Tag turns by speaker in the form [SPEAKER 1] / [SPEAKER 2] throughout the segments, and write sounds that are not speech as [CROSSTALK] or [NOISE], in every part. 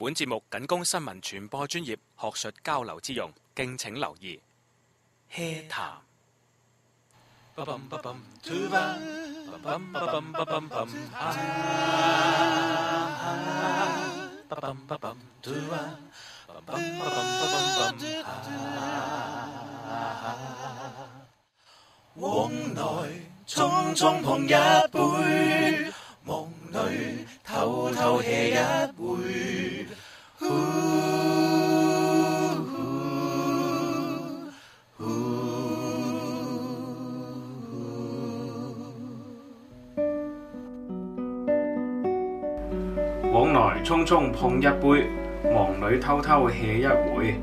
[SPEAKER 1] 本節目僅供新聞傳播專業學術交流之用，敬請留意。HEA 談。往來匆匆碰一杯。
[SPEAKER 2] 夢裏偷偷 HEA 一回，
[SPEAKER 1] 往來匆匆碰一杯，忙裏偷偷 HEA 一回。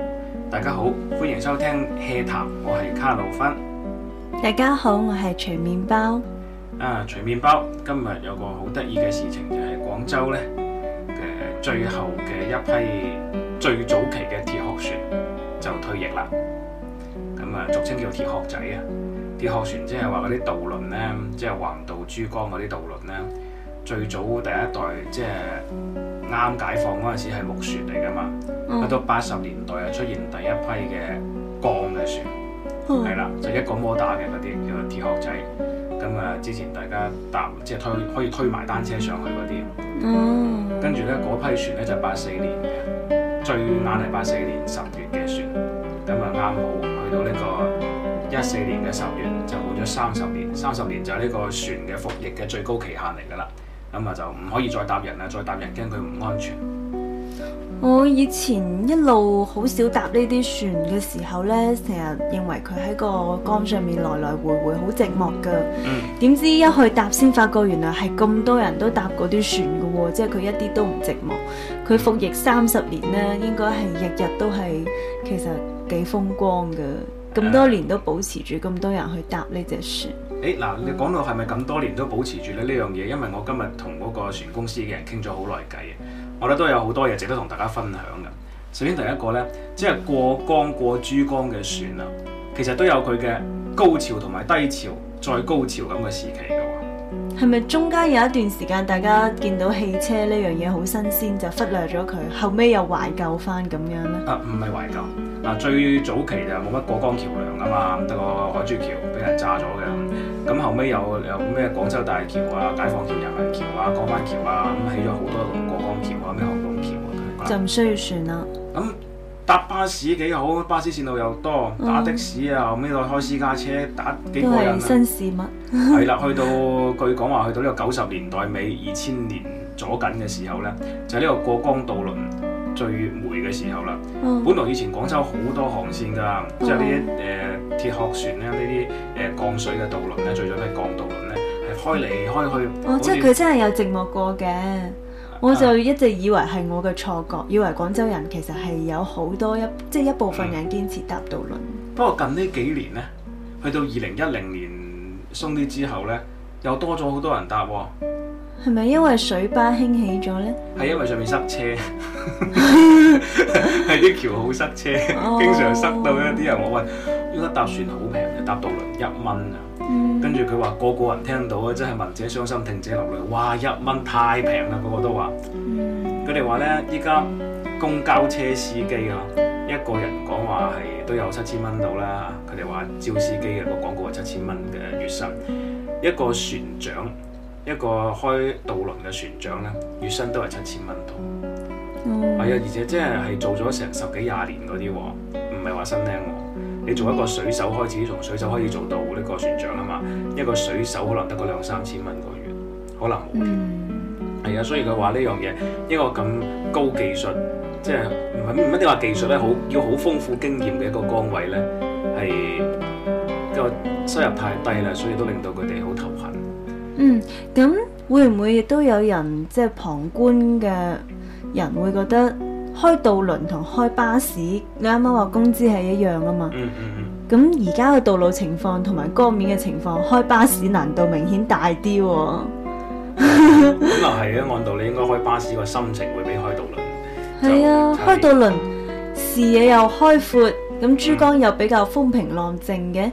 [SPEAKER 1] 大家好，歡迎收聽《HEA 談》，我係卡路芬。
[SPEAKER 2] 大家好，我係全麵包。啊！
[SPEAKER 1] 除麵包，今日有個好得意嘅事情就係、是、廣州咧嘅、呃、最後嘅一批最早期嘅鐵殼船就退役啦。咁啊，俗稱叫鐵殼仔啊。鐵殼船即係話嗰啲渡輪咧，即、就、係、是、橫渡珠江嗰啲渡輪咧，最早第一代即係啱解放嗰陣時係木船嚟噶嘛。去、嗯、到八十年代啊，出現第一批嘅鋼嘅船，
[SPEAKER 2] 係啦、
[SPEAKER 1] 嗯嗯，就是、一個摩打嘅嗰啲叫鐵殼仔。咁啊，之前大家搭即係推可以推埋單車上去嗰啲，嗯、跟住咧嗰批船咧就八四年嘅，最晏係八四年十月嘅船，咁啊啱好去到呢個一四年嘅十月，就冇咗三十年，三十年就係呢個船嘅服役嘅最高期限嚟噶啦，咁啊就唔可以再搭人啦，再搭人驚佢唔安全。
[SPEAKER 2] 我以前一路好少搭呢啲船嘅時候呢，成日認為佢喺個江上面來來回回好寂寞噶。嗯。點知一去搭先發覺，原來係咁多人都搭嗰啲船噶、哦，即係佢一啲都唔寂寞。佢服役三十年呢，應該係日日都係，其實幾風光噶。咁多年都保持住咁多人去搭呢隻船。
[SPEAKER 1] 誒，嗱，你講到係咪咁多年都保持住咧呢樣嘢？因為我今日同嗰個船公司嘅人傾咗好耐偈。我咧都有好多嘢值得同大家分享嘅。首先第一個呢，即係過江過珠江嘅船啊，其實都有佢嘅高潮同埋低潮，再高潮咁嘅時期
[SPEAKER 2] 嘅喎。係咪中間有一段時間大家見到汽車呢樣嘢好新鮮，就忽略咗佢，後尾又懷舊翻咁樣呢？啊，唔係懷舊
[SPEAKER 1] 啊，最早期就冇乜過江橋梁啊嘛，得個海珠橋俾人炸咗嘅。咁後尾有咩？有廣州大橋啊、解放橋、人民橋啊、江灣橋啊，咁起咗好多路。航航啊、就
[SPEAKER 2] 唔需要船啦。咁、嗯、
[SPEAKER 1] 搭巴士幾好，巴士線路又多，打的士啊，後尾再開私家車打幾人、啊，幾過
[SPEAKER 2] 癮啦。係 [LAUGHS] 啦，
[SPEAKER 1] 去到據講話去到呢個九十年代尾、二千年左右嘅時候咧，就呢、是、個過江渡輪最霉嘅時候啦。Oh. 本來以前廣州好多航線噶，即係、oh. 呃、呢啲誒鐵殼船咧，呃、降呢啲誒江水嘅渡輪咧，最早嘅過江渡輪咧，係開嚟開去。哦，即係佢真係
[SPEAKER 2] 有寂寞過嘅。我就一直以為係我嘅錯覺，以為廣州人其實係有好多一，即、就、係、是、一部分人堅持搭渡輪。
[SPEAKER 1] 不過近呢幾年呢，去到二零一零年鬆啲之後呢，又多咗好多人搭、啊。
[SPEAKER 2] 係咪因為水巴興起咗呢？
[SPEAKER 1] 係因為上面塞車，係啲 [LAUGHS] [LAUGHS] [LAUGHS] 橋好塞車， [LAUGHS] 經常塞到一啲人我問：呢個、oh. 搭船好平，搭渡輪一蚊呀。跟住佢話，個個人聽到啊，真係聞者傷心，聽者流淚。哇，一蚊太平啦，個個都話。佢哋話呢，依家公交車司機啊，一個人講話係都有七千蚊到啦。佢哋話招司機嘅個廣告係七千蚊嘅月薪。一個船長，一個開渡輪嘅船長呢，月薪都係七千蚊到。哦、嗯，係啊、哎，而且真係係做咗成十幾廿年嗰啲，唔係話新靚喎。你做一個水手開始，從水手開始做到呢個船長啊嘛，一個水手可能得個兩三千蚊個月，可能冇添。係啊、嗯，所以佢話呢樣嘢一個咁高技術，即係唔係唔一定話技術咧，好要好豐富經驗嘅一個崗位咧，係個收入太低啦，所以都令到佢哋好頭痕。嗯，
[SPEAKER 2] 咁會唔會亦都有人即係、即係、旁觀嘅人會覺得？開渡輪同開巴士，你啱啱話工資係一樣啊嘛，咁而家嘅道路情況同埋江面嘅情況，開巴士難度明顯大啲、哦。咁
[SPEAKER 1] 又係啊，按道理應該開巴士個心情會比開渡輪。
[SPEAKER 2] 係啊，開渡輪、嗯、視野又開闊，咁珠江又比較風平浪靜嘅，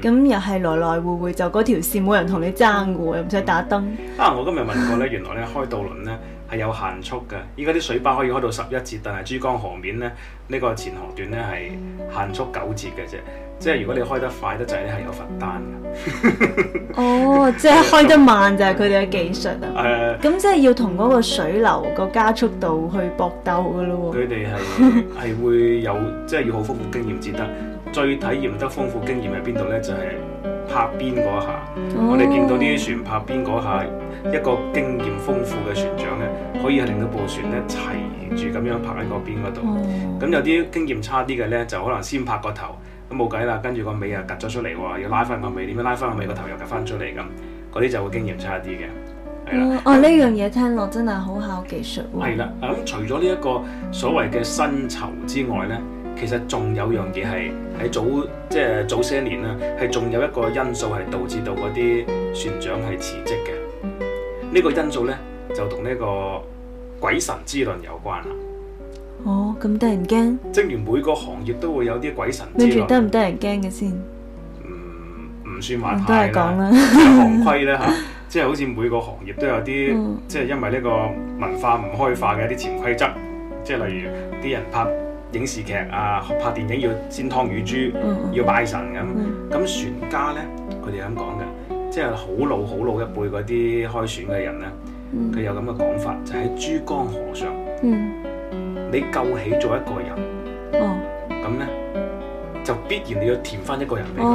[SPEAKER 2] 咁、嗯嗯、又係來來回回就嗰條線冇人同你爭噶又唔使打燈。啊，
[SPEAKER 1] 我今日問過咧，原來咧開渡輪咧。 [LAUGHS] [LAUGHS] 係有限速嘅，依家啲水巴可以開到十一節，但係珠江河面咧呢、這個前河段咧係限速九節嘅啫。即係如果你開得快得滯咧，係、就是、有罰單嘅。
[SPEAKER 2] 哦 [LAUGHS] ，oh, 即係開得慢 [LAUGHS] 就係佢哋嘅技術啊。咁、uh, 即係要同嗰個水流個加速度去搏鬥嘅咯。
[SPEAKER 1] 佢哋係係會有，即、就、係、是、要好豐富經驗至得。最體驗得豐富經驗喺邊度呢？就係、是。拍邊嗰下，我哋見到啲船拍邊嗰下，一個經驗豐富嘅船長咧，可以令到部船咧齊住咁樣拍喺個邊嗰度。咁有啲經驗差啲嘅咧，就可能先拍個頭，咁冇計啦，跟住個尾又趌咗出嚟喎，要拉翻個尾，點樣拉翻個尾？個頭又趌翻出嚟咁，嗰啲就會經驗差啲嘅。
[SPEAKER 2] 哦，哦、啊，呢樣嘢聽落真係好考技術喎、啊。係
[SPEAKER 1] 啦，咁除咗呢一個所謂嘅薪酬之外咧。其實仲有樣嘢係喺早即係早些年啦，係仲有一個因素係導致到嗰啲船長係辭職嘅。呢、嗯、個因素咧就同呢個鬼神之論有關啦。
[SPEAKER 2] 哦，咁得人驚？
[SPEAKER 1] 正如每個行業都會有啲鬼神之論。跟住得唔
[SPEAKER 2] 得人驚嘅先？
[SPEAKER 1] 唔、嗯、算話、嗯、都係講啦。 [LAUGHS] 行規咧吓，即係好似每個行業都有啲，嗯、即係因為呢個文化唔開化嘅一啲潛規則，即係例如啲人拍。影視劇啊，拍電影要煎湯乳豬，mm hmm. 要拜神咁。咁船、mm hmm. 家呢，佢哋咁講嘅，即係好老好老一輩嗰啲開船嘅人呢，佢、mm hmm. 有咁嘅講法，就喺、是、珠江河上，mm hmm. 你救起咗一個人，咁、oh. 呢，就必然你要填翻一個人俾佢。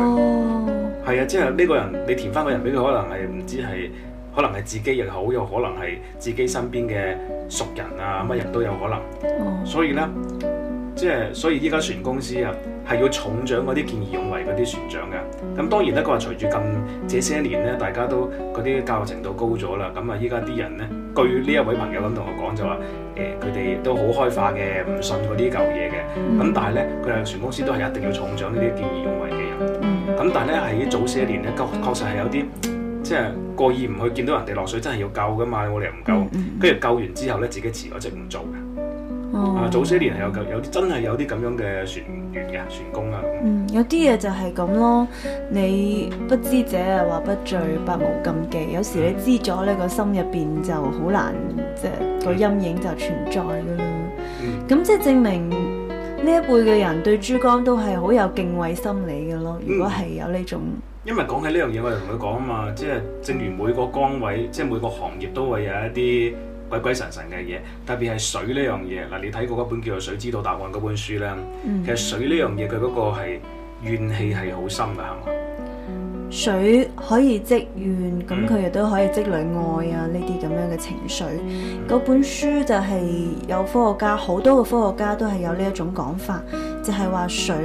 [SPEAKER 1] 係啊、oh.，即係呢個人你填翻個人俾佢，可能係唔知係，可能係自己亦好，有可能係自己身邊嘅熟人啊，乜人都有可能。所以呢。即係，所以依家船公司啊，係要重獎嗰啲見義勇為嗰啲船長嘅。咁當然咧，佢話隨住近這些年咧，大家都嗰啲教育程度高咗啦。咁啊，依家啲人咧，據呢一位朋友咁同我講就話，誒佢哋都好開化嘅，唔信嗰啲舊嘢嘅。咁但係咧，佢係船公司都係一定要重獎呢啲見義勇為嘅人。咁但係咧，喺早些年咧，確確實係有啲即係過意唔去，見到人哋落水真係要救㗎嘛，我哋唔救，跟住救完之後咧，自己辭咗職唔做。Oh. 啊！早些年有有啲真係有啲咁樣嘅船員嘅、呃、船工啊，嗯，
[SPEAKER 2] 有啲嘢就係咁咯。你不知者啊，話不罪，百無禁忌。有時你知咗呢、個心入邊就好難，即係、個陰影就存在噶啦。咁、嗯、即係證明呢一輩嘅人對珠江都係好有敬畏心理嘅咯。如果係有呢種、
[SPEAKER 1] 嗯，因為講起呢樣嘢，我哋同佢講啊嘛，即係正如每個崗位，即係每個行業都會有一啲。鬼鬼神神嘅嘢，特別係水呢樣嘢嗱，你睇過嗰本叫做《水知道答案》嗰本書咧，嗯、其實水呢樣嘢佢嗰個係怨氣係好深噶，係嘛、嗯？是是
[SPEAKER 2] 水可以積怨，咁佢亦都可以積累愛啊，呢啲咁樣嘅情緒。嗰、嗯、本書就係有科學家，好多個科學家都係有呢一種講法，就係、是、話水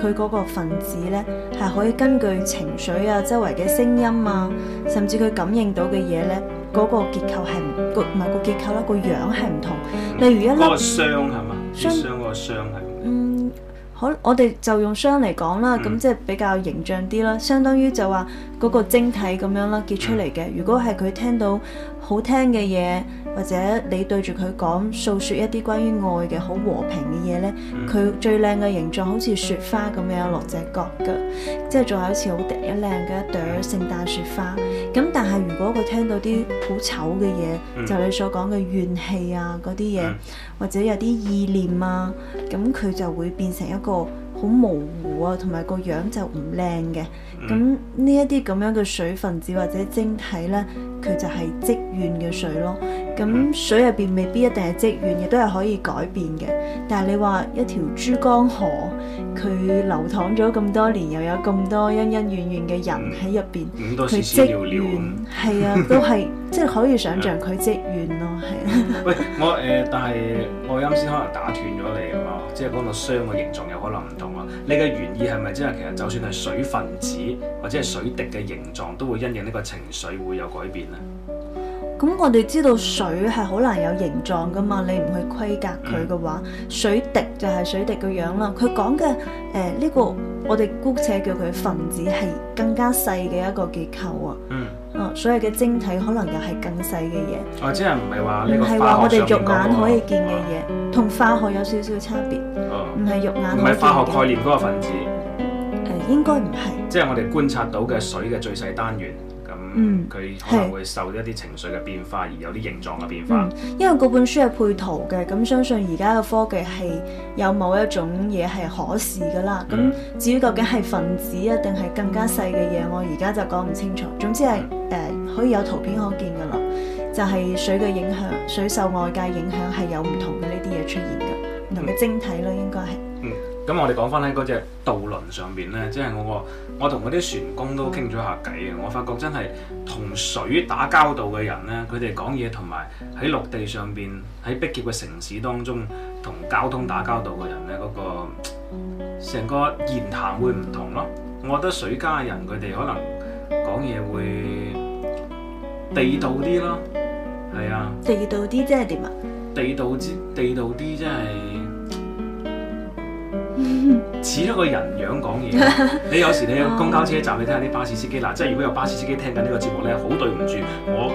[SPEAKER 2] 佢嗰個分子咧，係可以根據情緒啊、周圍嘅聲音啊，甚至佢感應到嘅嘢咧。嗰個結構係個唔係個結構啦，那個樣係唔同。嗯、例如一粒，嗰個係嘛？霜嗰雙個
[SPEAKER 1] 霜
[SPEAKER 2] 係。嗯，好，我哋就用霜嚟講啦，咁、嗯、即係比較形象啲啦。相當於就話嗰個晶體咁樣啦，結出嚟嘅。嗯、如果係佢聽到好聽嘅嘢。或者你對住佢講，訴説一啲關於愛嘅好和平嘅嘢咧，佢、嗯、最靚嘅形狀好似雪花咁樣、嗯、落隻角嘅，即係仲有好似好一靚嘅一朵聖誕雪花。咁但係如果佢聽到啲好醜嘅嘢，嗯、就你所講嘅怨氣啊嗰啲嘢，嗯、或者有啲意念啊，咁佢就會變成一個好模糊啊，同埋個樣就唔靚嘅。咁呢一啲咁樣嘅水分子或者晶體咧，佢就係積怨嘅水咯。嗯咁、嗯、水入邊未必一定係積怨，亦都係可以改變嘅。但係你話一條珠江河，佢流淌咗咁多年，又有咁多恩恩怨怨嘅人喺入邊，佢積怨係啊，都係即係可以想象佢積怨咯，係啊。
[SPEAKER 1] 啊 [LAUGHS] 喂，我誒、呃，但係我啱先可能打斷咗你啊嘛、嗯，即係嗰個傷嘅形狀有可能唔同啊。你嘅原意係咪即係其實就算係水分子或者係水滴嘅形狀，都會因應呢個情緒會有改變咧？
[SPEAKER 2] 咁我哋知道水係好難有形狀噶嘛，你唔去規格佢嘅話，水滴就係水滴嘅樣啦。佢講嘅誒呢個我哋姑且叫佢分子係更加細嘅一個結構啊。嗯。所有嘅晶體可能又係更細嘅嘢。哦，即
[SPEAKER 1] 係唔係話呢個化學上面嘅係話我哋肉眼可以
[SPEAKER 2] 見嘅嘢，同化學有少少差別。哦。唔係肉眼可以見嘅唔係化學概念
[SPEAKER 1] 嗰個分子。誒，應該唔係。即係我哋觀察到嘅水嘅最細單元。嗯，佢可能會受一啲情緒嘅變化而有啲形狀嘅變化。變
[SPEAKER 2] 化，嗯，因為嗰本書係配圖嘅，咁相信而家嘅科技係有某一種嘢係可視噶啦。咁、嗯、至於究竟係分子啊，定係更加細嘅嘢，嗯、我而家就講唔清楚。總之係誒、嗯呃、可以有圖片可見噶啦，就係、是、水嘅影響，水受外界影響係有唔同嘅呢啲嘢出現嘅，唔、嗯嗯、同嘅晶體囉，應該係。
[SPEAKER 1] 咁我哋講翻咧，嗰隻渡輪上邊咧，即係我我同嗰啲船工都傾咗下偈啊！我發覺真係同水打交道嘅人咧，佢哋講嘢同埋喺陸地上邊喺逼仄嘅城市當中同交通打交道嘅人咧，嗰個成個言談會唔同咯。我覺得水家人佢哋可能講嘢會地道啲咯，係啊
[SPEAKER 2] 地地。地道啲即係點
[SPEAKER 1] 啊？地道之地道啲即係。似一個人樣講嘢， [LAUGHS] 你有時，你喺公交車站 [LAUGHS] 你睇下啲巴士司機，嗱， [LAUGHS] 即係如果有巴士司機聽緊呢個節目咧，好對唔住，我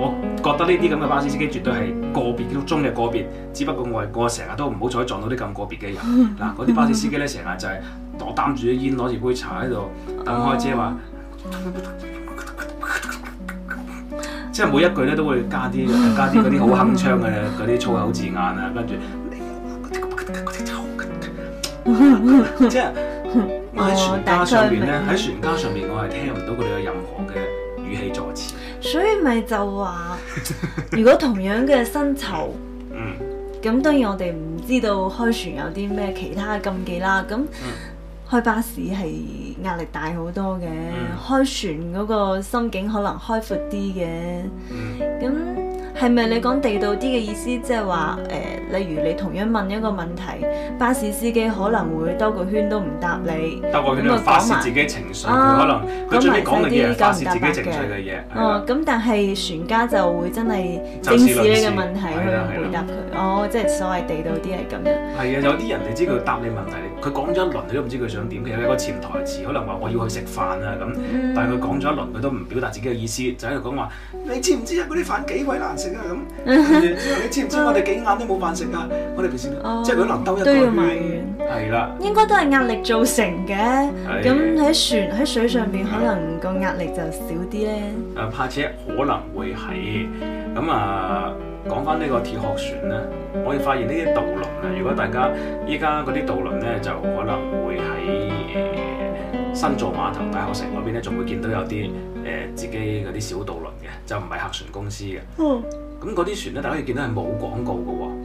[SPEAKER 1] 我覺得呢啲咁嘅巴士司機絕對係個別中嘅個別，只不過我成日都唔好彩撞到啲咁個別嘅人，嗱，嗰啲巴士司機咧成日就係攞擔住啲煙，攞住杯茶喺度等開車話，話 [LAUGHS] 即係每一句咧都會加啲加啲嗰啲好鏗鏘嘅嗰啲粗口字眼啊，跟住。
[SPEAKER 2] [LAUGHS] 即係我喺船，
[SPEAKER 1] 船，船上邊咧，喺船家上面，我係聽唔到佢哋有任何
[SPEAKER 2] 嘅
[SPEAKER 1] 語氣助詞。
[SPEAKER 2] [LAUGHS] 所以咪就話，如果同樣嘅薪酬，嗯，咁當然我哋唔知道開船有啲咩其他禁忌啦。咁開巴士係壓力大好多嘅， [LAUGHS] 嗯、開船嗰個心境可能開闊啲嘅。咁係咪你講地道啲嘅意思？嗯、即係話誒？呃例如你同樣問一個問題，巴士司機可能會兜個圈都唔答你。兜個圈就發泄自己
[SPEAKER 1] 情緒，佢可能佢中意講啲嘢發泄自己情緒嘅嘢。哦，
[SPEAKER 2] 咁但係船家就會真係正視你嘅問題去回答佢。哦，即係所謂地道啲係咁嘅。
[SPEAKER 1] 係啊，有啲人你知佢答你問題，佢講咗一輪佢都唔知佢想點。佢有一個潛台詞可能話我要去食飯啊咁，但係佢講咗一輪佢都唔表達自己嘅意思，就喺度講話你知唔知啊？啲飯幾鬼難食啊咁。你知唔知我哋幾眼都冇飯？即係佢能兜一個圈，係啦，
[SPEAKER 2] 的應該都係壓力造成嘅。咁喺的船喺水上邊，嗯、可能個壓，嗯嗯、壓力就少啲咧。
[SPEAKER 1] 誒、啊，怕車可能會喺咁啊！講翻呢個鐵殼船咧，我哋發現呢啲渡輪啊，如果大家依家嗰啲渡輪咧，就可能會喺、呃、新造碼頭大學城嗰邊咧，仲會見到有啲誒、呃、自己嗰啲小渡輪嘅，就唔係客船公司嘅。嗯，咁嗰啲船咧，大家可以見到係冇廣告嘅喎。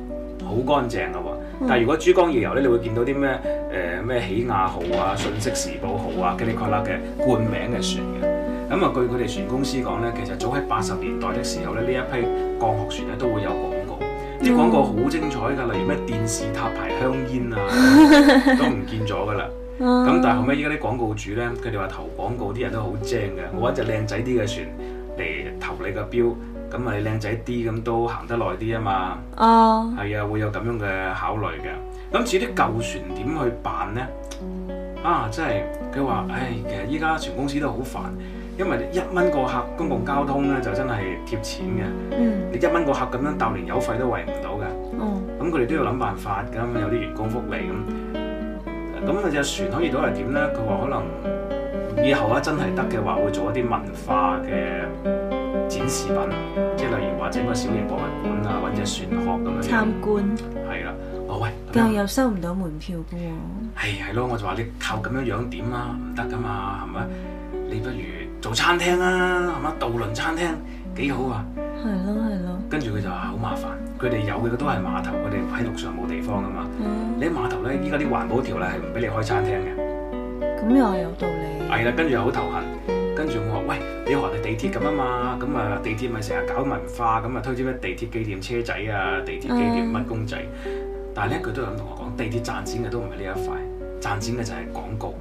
[SPEAKER 1] 好乾淨㗎、啊、喎，但係如果珠江夜遊咧，你會見到啲咩？誒、呃、咩喜亞號啊、信息時報號啊，噼里呱啦嘅冠名嘅船嘅。咁啊，據佢哋船公司講咧，其實早喺八十年代嘅時候咧，呢一批鋼殼船咧都會有廣告，
[SPEAKER 2] 啲 Yeah. 廣告好
[SPEAKER 1] 精彩㗎，例如咩電視塔牌香煙啊， [LAUGHS] 都唔見咗㗎啦。
[SPEAKER 2] 咁但係後
[SPEAKER 1] 尾，依家啲廣告主咧，佢哋話投廣告啲人都好精嘅，攞一隻靚仔啲嘅船嚟投你個標。咁啊，你靚仔啲咁都行得耐啲啊嘛，係啊、oh.，會有咁樣嘅考慮嘅。咁至於啲舊船點去辦呢？啊，真係佢話，唉，其實依家船公司都好煩，因為一蚊個客公共交通呢就真係貼錢嘅。Mm. 你一蚊個客咁樣搭，連油費都圍唔到嘅。哦，咁佢哋都要諗辦法㗎嘛，有啲員工福利咁。咁啊，隻船可以到係點呢？佢話可能以後啊，真係得嘅話，會做一啲文化嘅。展示品，即係例如或者個小型博物館啊，或者船殼咁樣參
[SPEAKER 2] 觀。
[SPEAKER 1] 係啦，我、哦、喂，
[SPEAKER 2] 又又收唔到門票噶喎，啊。係
[SPEAKER 1] 係咯，我就話你靠咁樣樣點啊？唔得噶嘛，係咪？你不如做餐廳啊，係咪？渡輪餐廳幾好啊。
[SPEAKER 2] 係咯係咯。
[SPEAKER 1] 跟住佢就話好麻煩，佢哋有嘅都係碼頭，佢哋喺陸上冇地方噶嘛。吧你喺碼頭咧，依家啲環保條例係唔俾你開餐廳嘅。
[SPEAKER 2] 咁又係有道
[SPEAKER 1] 理。係啦，跟住又好頭痕。跟住我話：喂，你學下地鐵咁啊嘛，咁啊地鐵咪成日搞文化，咁啊推啲咩地鐵紀念車仔啊、地鐵紀念乜公仔。Uh, 但係呢佢都有咁同我講，地鐵賺錢嘅都唔係呢一塊，賺錢嘅就係廣告。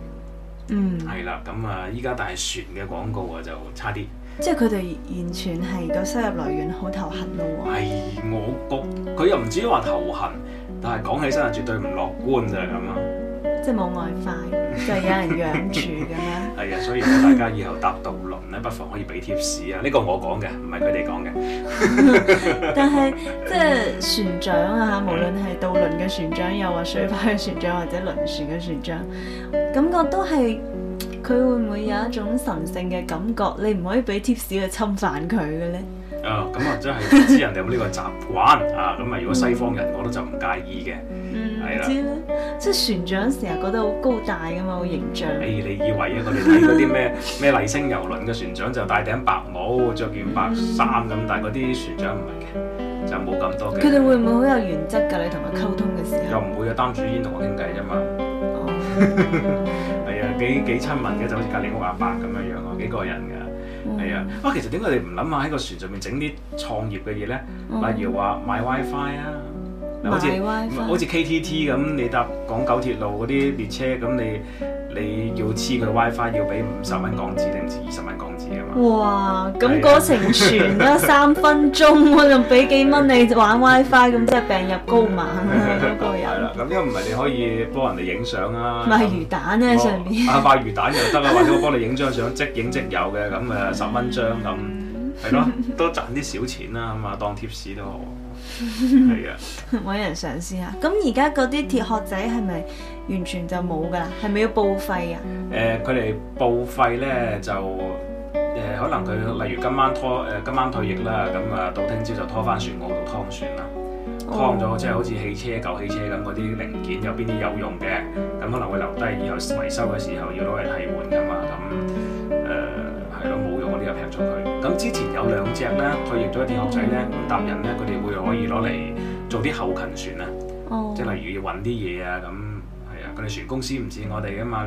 [SPEAKER 2] 嗯、um，係
[SPEAKER 1] 啦，咁啊依家但係船嘅廣告啊就差啲。
[SPEAKER 2] 即係佢哋完全係個收入來源好頭痕咯喎、哦。係、哎，
[SPEAKER 1] 我覺佢又唔至於話頭痕，但係講起身係絕對唔樂觀就係咁咯。
[SPEAKER 2] 即係冇外快。就有人養住咁
[SPEAKER 1] 樣，係啊、 [LAUGHS] 哎！所以大家以後搭渡輪咧，不妨可以俾貼士啊！呢、呢個我講嘅，唔係佢哋講嘅。
[SPEAKER 2] [LAUGHS] [LAUGHS] 但係即係船長啊，無論係渡輪嘅船長，又或水巴嘅船長，或者輪船嘅船長，感覺都係佢會唔會有一種神聖嘅感覺？你唔可以俾貼士去侵犯佢嘅咧。
[SPEAKER 1] 啊，咁啊真係唔知人哋有冇呢個習慣啊！咁 [LAUGHS] 啊，如果西方人，我都就唔介意嘅，
[SPEAKER 2] 係啦、嗯了。即係船長成日覺得好高大噶嘛，好形象。哎，你
[SPEAKER 1] 以為啊，佢哋睇到啲咩咩麗星遊輪嘅船長就戴頂白帽，著件白衫咁，但係嗰啲船長唔係嘅，就冇咁多嘅。
[SPEAKER 2] 佢哋會唔會好有原則㗎？你同佢溝通嘅時
[SPEAKER 1] 候、嗯、又唔會啊，擔住煙同我傾偈啫嘛。哦，係啊，幾幾，幾，幾親民嘅，就好似隔離個阿伯咁樣樣咯，幾過癮㗎。係啊，mm hmm. 啊，其實點解你唔諗下喺個船上面整啲創業嘅嘢咧？Mm hmm. 例如話賣 WiFi 啊～好似好似 K T T 咁，你搭港九鐵路嗰啲列車咁，你你要黐佢 WiFi 要俾五十蚊港紙定唔知二十蚊港紙啊
[SPEAKER 2] 嘛？哇！咁嗰程船啦， [LAUGHS] 三分鐘、啊，我仲俾幾蚊你玩 WiFi，咁即係病入膏肓啦！
[SPEAKER 1] 咁啊， [LAUGHS] 係啦，咁呢個唔係你可以幫人哋影相啊，賣魚
[SPEAKER 2] 蛋啊、嗯、上面。啊，
[SPEAKER 1] 賣魚蛋又得啊，或者 [LAUGHS] 我幫你影張相，即影即有嘅，咁誒十蚊張咁，係咯， [LAUGHS] 都賺啲小錢啦、啊，咁啊當貼士都好。
[SPEAKER 2] 係啊，搵 [LAUGHS] 人嘗試下。咁而家嗰啲鐵殼仔係咪完全就冇噶？係咪要報廢啊？
[SPEAKER 1] 誒、呃，佢哋報廢咧就誒、呃，可能佢例如今晚拖誒、呃，今晚退役啦，咁啊到聽朝就拖翻船澳船塢度湯船啦。劏咗即係好似汽車舊汽車咁嗰啲零件，有邊啲有用嘅，咁可能會留低，以後維修嘅時候要攞嚟替換噶嘛。咗佢，咁 [MUSIC] [MUSIC] 之前有兩隻咧退役咗一啲學仔咧，咁、mm hmm. 嗯、搭人咧佢哋會可以攞嚟做啲後勤船、oh. 啊，
[SPEAKER 2] 即係例如
[SPEAKER 1] 要運啲嘢啊咁，係啊，佢哋船公司唔似我哋㗎嘛，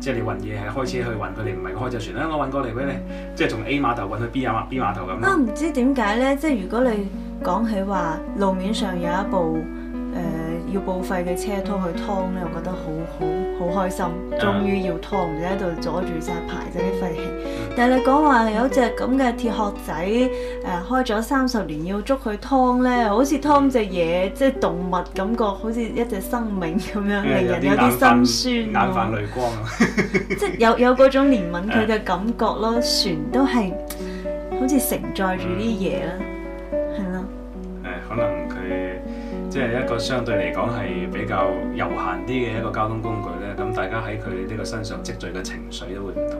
[SPEAKER 1] 即係你運嘢係開車去運，佢哋唔係開隻船咧，我運過嚟俾你，即係從 A 碼頭運去 B 碼 B 碼頭咁。啊，唔
[SPEAKER 2] 知點解咧？即係如果你講起話路面上有一部誒、呃、要報廢嘅車拖去劏咧，我覺得好好。好開心，終於要劏，就喺度阻住晒排嗰啲廢氣。氣嗯、但係你講話有隻咁嘅鐵殼仔，誒、呃、開咗三十年要捉佢劏咧，好似劏隻嘢，即係動物感覺，好似一隻生命咁樣，令、嗯、人有啲心酸咯、啊。淚
[SPEAKER 1] 光啊、
[SPEAKER 2] [LAUGHS] 即係有有嗰種憐憫佢嘅感覺咯，嗯、船都係好似承載住啲嘢啦。嗯
[SPEAKER 1] 即係一個相對嚟講係比較悠閒啲嘅一個交通工具咧，咁大家喺佢呢個身上積聚嘅情緒都會唔同，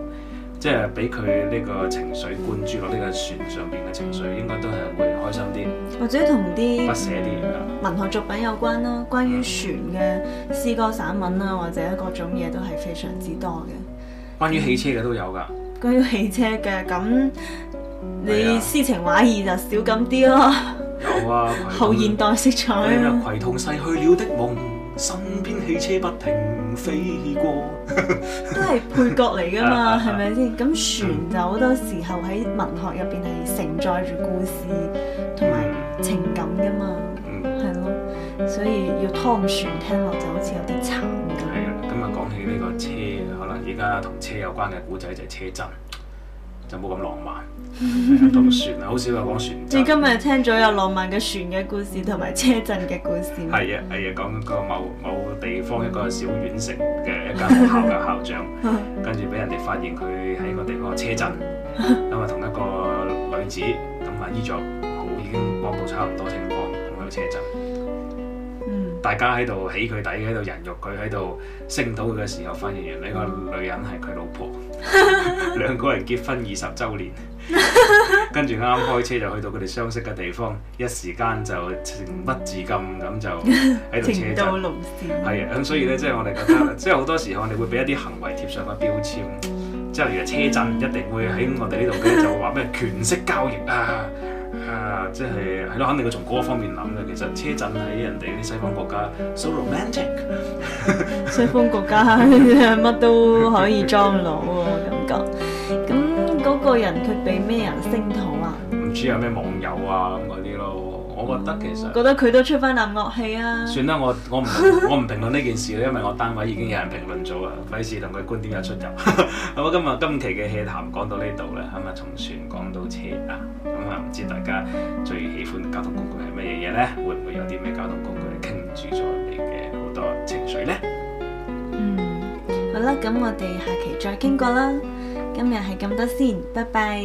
[SPEAKER 1] 即係俾佢呢個情緒、嗯、灌注落呢個船上邊嘅情緒，應該都係會開心啲。
[SPEAKER 2] 或者同啲不捨啲文學作品有關咯、啊，關於船嘅詩歌散文啊，或者各種嘢都係非常之多嘅。嗯、
[SPEAKER 1] 關於汽車嘅都有噶。
[SPEAKER 2] 關於汽車嘅咁，嗯、你詩情畫意就少咁啲咯。嗯嗯
[SPEAKER 1] 有啊，後現代色彩啊！今葵、欸、同逝去了的夢，身邊汽車不停飛過，
[SPEAKER 2] [LAUGHS] 都係配角嚟噶嘛，係咪先？咁、 [LAUGHS] 啊啊啊、船就好多時候喺文學入邊係承載住故事同埋、嗯、情感噶嘛，嗯，係咯，所以要拖船聽落就好似有啲慘咁。
[SPEAKER 1] 係啊、嗯，咁啊講起呢個車，可能而家同車有關嘅古仔就係車站。就冇咁浪漫，
[SPEAKER 2] 同船啊，好
[SPEAKER 1] 少有講船。
[SPEAKER 2] 即係 [LAUGHS] 今日聽咗有浪漫嘅船嘅故、故事，同埋車震嘅故事。係
[SPEAKER 1] 啊，係啊，講個某某個地方一個小縣城嘅一間學校嘅校長，跟住俾人哋發現佢喺個地方車震。咁啊 [LAUGHS] 同一個女子，咁啊衣着好已經摸到差唔多情況，一喺車震。大家喺度起佢底，喺度人肉佢，喺度聲討佢嘅時候，發現原來呢個女人係佢老婆， [LAUGHS] [LAUGHS] 兩個人結婚二十週年， [LAUGHS] 跟住啱啱開車就去到佢哋相識嘅地方，一時間就情不自禁咁就喺度車震，係啊， [LAUGHS] 咁所以咧，即係我哋覺得，即係好多時候我哋會俾一啲行為貼上個標籤，即係例如車震一定會喺我哋呢度咧，就話咩權色交易啊。啊！即係，係咯，肯定佢從嗰方面諗嘅。其實車震喺人哋啲西方國家
[SPEAKER 2] so romantic， [LAUGHS] 西方國家乜 [LAUGHS] [LAUGHS] 都可以裝佬，我，感覺，咁嗰個人佢俾咩人聲討啊？唔知
[SPEAKER 1] 有咩網友啊咁嗰啲咯。我覺得其實覺得
[SPEAKER 2] 佢都出翻啖樂器啊！
[SPEAKER 1] 算啦，我我唔我唔評論呢件事啦，因為我單位已經有人評論咗啊。費事同佢觀點有出入。 [LAUGHS] 好，今日今期嘅 HEA 談講到呢度啦，咁咪從船講到車啊，咁啊唔知大家最喜歡交通工具係乜嘢嘢咧？會唔會有啲咩交通工具嚟傾住咗
[SPEAKER 2] 人哋嘅好多情緒咧？嗯，好啦，咁我哋下期再傾過啦。今日係咁多先，拜拜。